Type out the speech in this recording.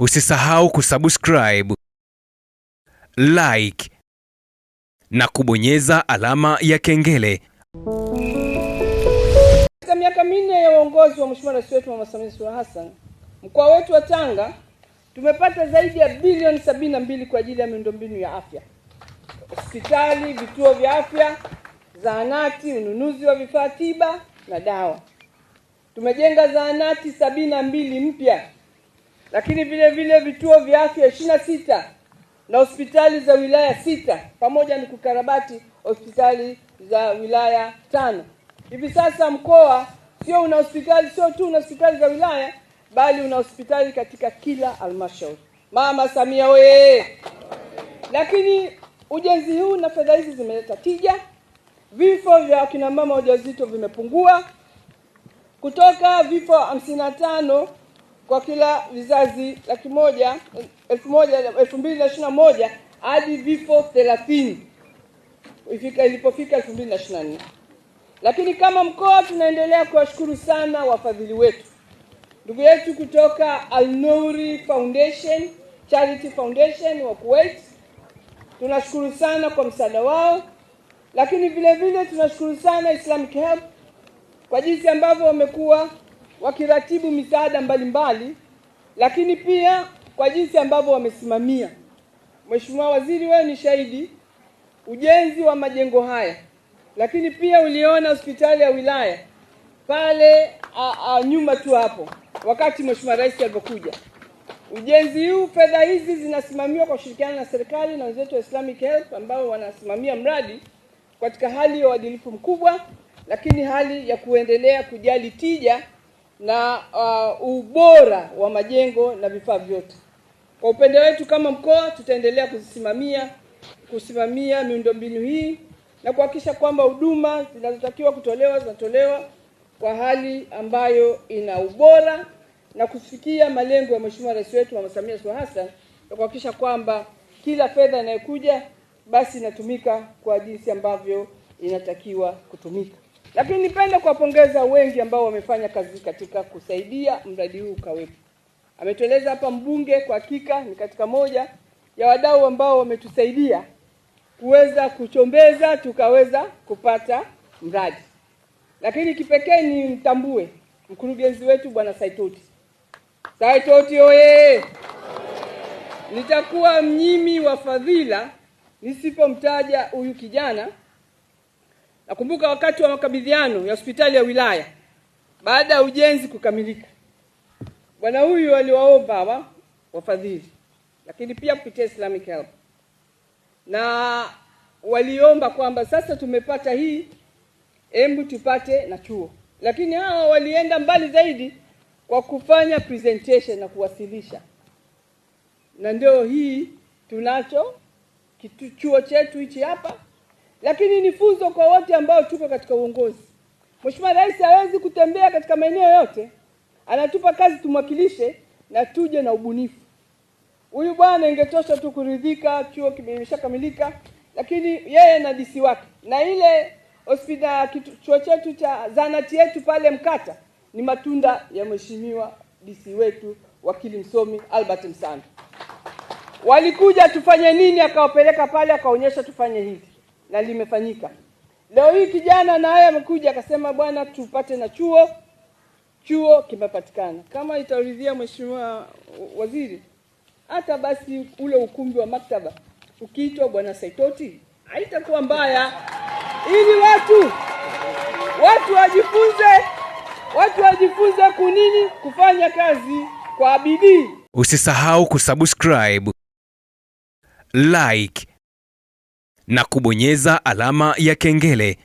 Usisahau kusubscribe, like na kubonyeza alama ya kengele. Katika miaka minne ya uongozi wa Mheshimiwa Rais wetu Mama Samia Suluhu Hassan, mkoa wetu wa Tanga tumepata zaidi ya bilioni 72 kwa ajili ya miundombinu ya afya, hospitali, vituo vya afya, zahanati, ununuzi wa vifaa tiba na dawa. Tumejenga zahanati 72 mpya lakini vile vile vituo vya afya ishirini na sita na hospitali za wilaya sita pamoja na kukarabati hospitali za wilaya tano. Hivi sasa mkoa sio una hospitali sio tu una hospitali za wilaya, bali una hospitali katika kila halmashauri. Mama Samia oye! Lakini ujenzi huu na fedha hizi zimeleta tija, vifo vya akina mama wajawazito vimepungua kutoka vifo hamsini na tano kwa kila vizazi laki moja elfu moja elfu mbili na ishirini na moja hadi vifo thelathini ifika ilipofika elfu mbili na ishirini na nne lakini kama mkoa tunaendelea kuwashukuru sana wafadhili wetu ndugu yetu kutoka al Foundation Charity Foundation wa Kuwait tunashukuru sana kwa msaada wao lakini vile vile tunashukuru sana Islamic Help kwa jinsi ambavyo wamekuwa wakiratibu misaada mbalimbali, lakini pia kwa jinsi ambavyo wamesimamia. Mheshimiwa Waziri, wewe ni shahidi ujenzi wa majengo haya, lakini pia uliona hospitali ya wilaya pale a, a, nyuma tu hapo, wakati Mheshimiwa Rais alipokuja ujenzi huu. Fedha hizi zinasimamiwa kwa ushirikiano na serikali na wenzetu wa Islamic Health ambao wanasimamia mradi katika hali ya uadilifu mkubwa, lakini hali ya kuendelea kujali tija na uh, ubora wa majengo na vifaa vyote. Kwa upande wetu kama mkoa, tutaendelea kusimamia kusimamia miundombinu hii na kuhakikisha kwamba huduma zinazotakiwa kutolewa zinatolewa kwa hali ambayo ina ubora na kufikia malengo ya Mheshimiwa Rais wetu Mama Samia Suluhu Hassan na kuhakikisha kwamba kila fedha inayokuja basi inatumika kwa jinsi ambavyo inatakiwa kutumika. Lakini nipende kuwapongeza wengi ambao wamefanya kazi katika kusaidia mradi huu ukawepo. Ametueleza hapa mbunge, kwa hakika ni katika moja ya wadau ambao wametusaidia kuweza kuchombeza tukaweza kupata mradi. Lakini kipekee ni mtambue mkurugenzi wetu Bwana Saitoti. Saitoti oye! Nitakuwa mnyimi wa fadhila nisipomtaja huyu kijana Nakumbuka wakati wa makabidhiano ya hospitali ya wilaya baada ya ujenzi kukamilika, bwana huyu aliwaomba hawa wafadhili, lakini pia kupitia Islamic Help na waliomba kwamba sasa tumepata hii, hebu tupate na chuo. Lakini hawa walienda mbali zaidi kwa kufanya presentation na kuwasilisha, na ndio hii tunacho kitu chuo chetu hichi hapa lakini ni funzo kwa wote ambao tuko katika uongozi. Mheshimiwa Rais hawezi kutembea katika maeneo yote, anatupa kazi tumwakilishe na tuje na ubunifu. Huyu bwana ingetosha tu kuridhika, chuo kimeshakamilika, lakini yeye na DC wake na ile hospitali, chuo chetu cha zanati yetu pale Mkata ni matunda ya mheshimiwa DC wetu wakili msomi Albert Msando. Walikuja tufanye nini, akawapeleka pale, akaonyesha tufanye hivi na limefanyika. Leo hii kijana naye amekuja akasema, bwana, tupate na chuo. Chuo kimepatikana. Kama itaridhia mheshimiwa waziri, hata basi ule ukumbi wa maktaba ukiitwa bwana Saitoti haitakuwa mbaya, ili watu watu wajifunze watu wajifunze kunini kufanya kazi kwa bidii. Usisahau kusubscribe, like na kubonyeza alama ya kengele.